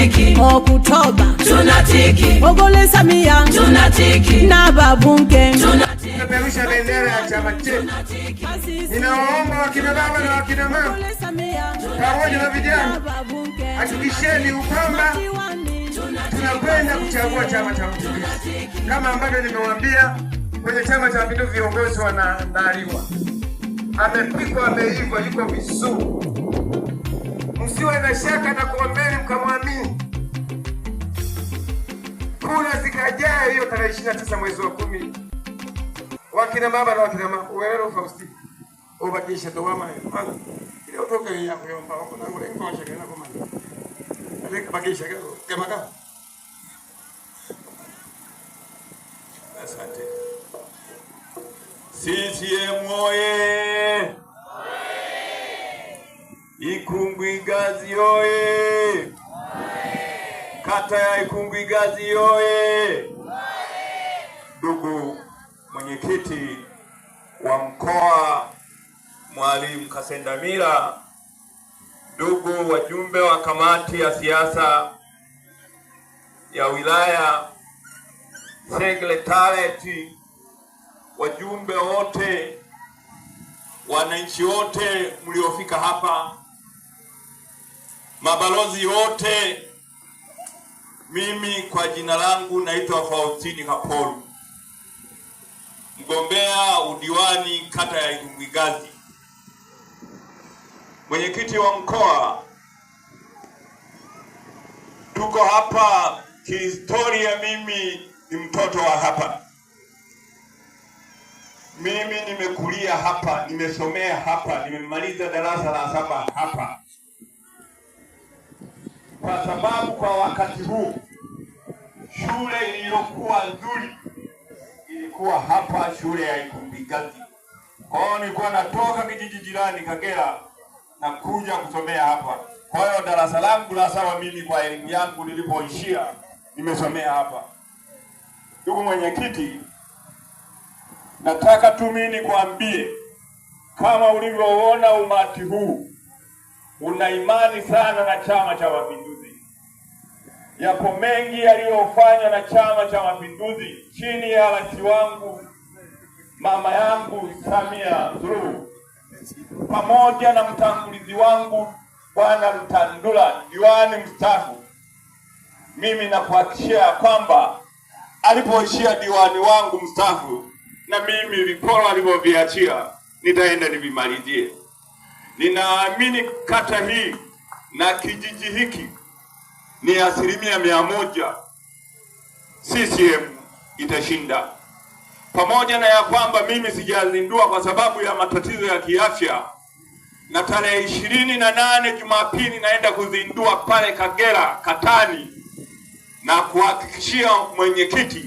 tunatiki Oktoba tunatiki Ogole Samia tunatiki na tunapeperusha bendera ya chama chetu. Ninawaomba wakina baba na wakina mama pamoja na vijana, hakikisheni kwamba tunakwenda kuchagua Chama cha Mapinduzi kama ambavyo nimewaambia kwenye Chama cha Mapinduzi viongozi wanaandaliwa, amepikwa, ameivwa, yuko vizuri, msiwe na shaka na kuombeni mkamwambia hiyo tarehe ishirini na tisa mwezi wa kumi wakina baba na wakina mama uwelelo Fausti ubakisha dowama yangu ile utoke ya kuyomba wako na ule ngosha yaani kana kwa mali aleka bagisha kama ka asante sisi ye moye Ikungwi gazi oye kata ya Ikungwi Ikunguigazi oye Ndugu mwenyekiti wa mkoa Mwalimu Kasendamila, ndugu wajumbe wa kamati ya siasa ya wilaya, sekretarieti, wajumbe wote, wananchi wote mliofika hapa, mabalozi wote, mimi kwa jina langu naitwa Faustini Kapolu mgombea udiwani kata ya Igungigazi, mwenyekiti wa mkoa. Tuko hapa kihistoria. Mimi ni mtoto wa hapa, mimi nimekulia hapa, nimesomea hapa, nimemaliza darasa la saba hapa, kwa sababu kwa wakati huu shule iliyokuwa nzuri nilikuwa hapa shule ya Ikumbigati. Kwa hiyo nilikuwa natoka kijiji jirani Kagera na kuja kusomea hapa. Kwa hiyo darasa langu la saba mimi kwa elimu yangu nilipoishia nimesomea hapa. Ndugu mwenyekiti, nataka tu mimi nikwambie kama ulivyoona umati huu una imani sana na Chama cha Mapinduzi. Yapo mengi yaliyofanywa na Chama cha Mapinduzi chini ya rais wangu mama yangu Samia Suluhu pamoja na mtangulizi wangu Bwana Mtandula, diwani mstaafu. Mimi nakuhakikishia ya kwamba alipoishia diwani wangu mstaafu, na mimi vikolo alivyoviachia nitaenda nivimalizie. Ninaamini kata hii na kijiji hiki ni asilimia mia moja CCM itashinda, pamoja na ya kwamba mimi sijazindua kwa sababu ya matatizo ya kiafya, na tarehe ishirini na nane Jumapili naenda kuzindua pale Kagera Katani, na kuhakikishia mwenyekiti,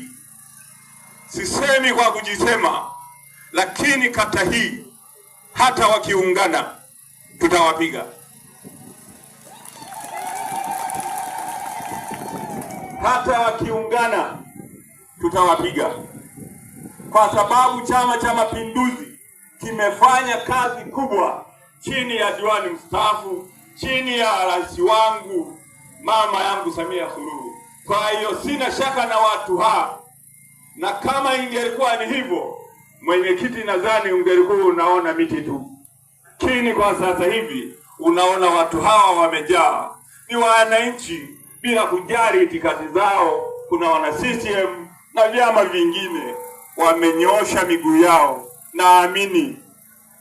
sisemi kwa kujisema, lakini kata hii hata wakiungana tutawapiga. hata wakiungana tutawapiga, kwa sababu Chama cha Mapinduzi kimefanya kazi kubwa chini ya diwani mstaafu, chini ya rais wangu mama yangu Samia Suluhu. Kwa hiyo sina shaka na watu ha, na kama ingelikuwa ni hivyo, mwenyekiti, nadhani ungelikuwa unaona miti tu, lakini kwa sasa hivi unaona watu hawa wamejaa, ni wananchi bila kujali itikadi zao. Kuna wana CCM na vyama vingine wamenyosha miguu yao. Naamini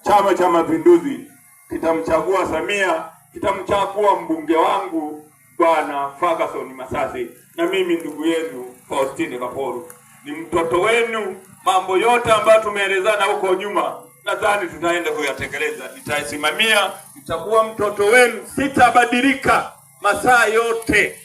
Chama cha Mapinduzi kitamchagua Samia, kitamchagua mbunge wangu Bwana Ferguson Masasi, na mimi ndugu yenu Faustine Kaporu ni mtoto wenu. Mambo yote ambayo tumeelezana huko nyuma, nadhani tutaenda kuyatekeleza. Nitaisimamia, nitakuwa mtoto wenu, sitabadilika masaa yote.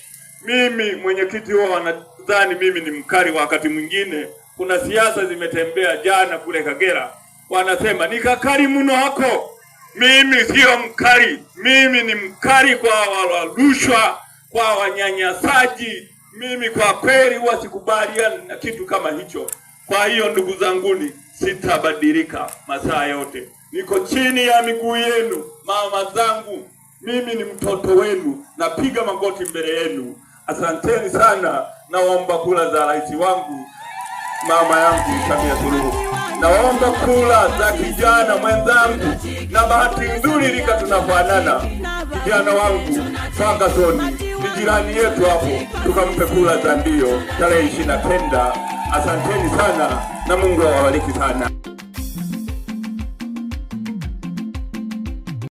Mimi mwenyekiti wao wanadhani mimi ni mkali. Wakati mwingine kuna siasa zimetembea jana kule Kagera, wanasema ni kakari mno hako. Mimi sio mkali, mimi ni mkali kwa warushwa, kwa wanyanyasaji. Mimi kwa kweli huwa sikubaliani na kitu kama hicho. Kwa hiyo ndugu zanguni, sitabadilika masaa yote, niko chini ya miguu yenu, mama zangu. Mimi ni mtoto wenu, napiga magoti mbele yenu. Asanteni sana, naomba kula za rais wangu mama yangu Samia Suluhu, naomba kula za kijana mwenzangu, na bahati nzuri lika tunafanana. Kijana wangu zoni ni jirani yetu hapo, tukampe kula za ndio tarehe ishirini na kenda. Asanteni sana na Mungu awabariki sana.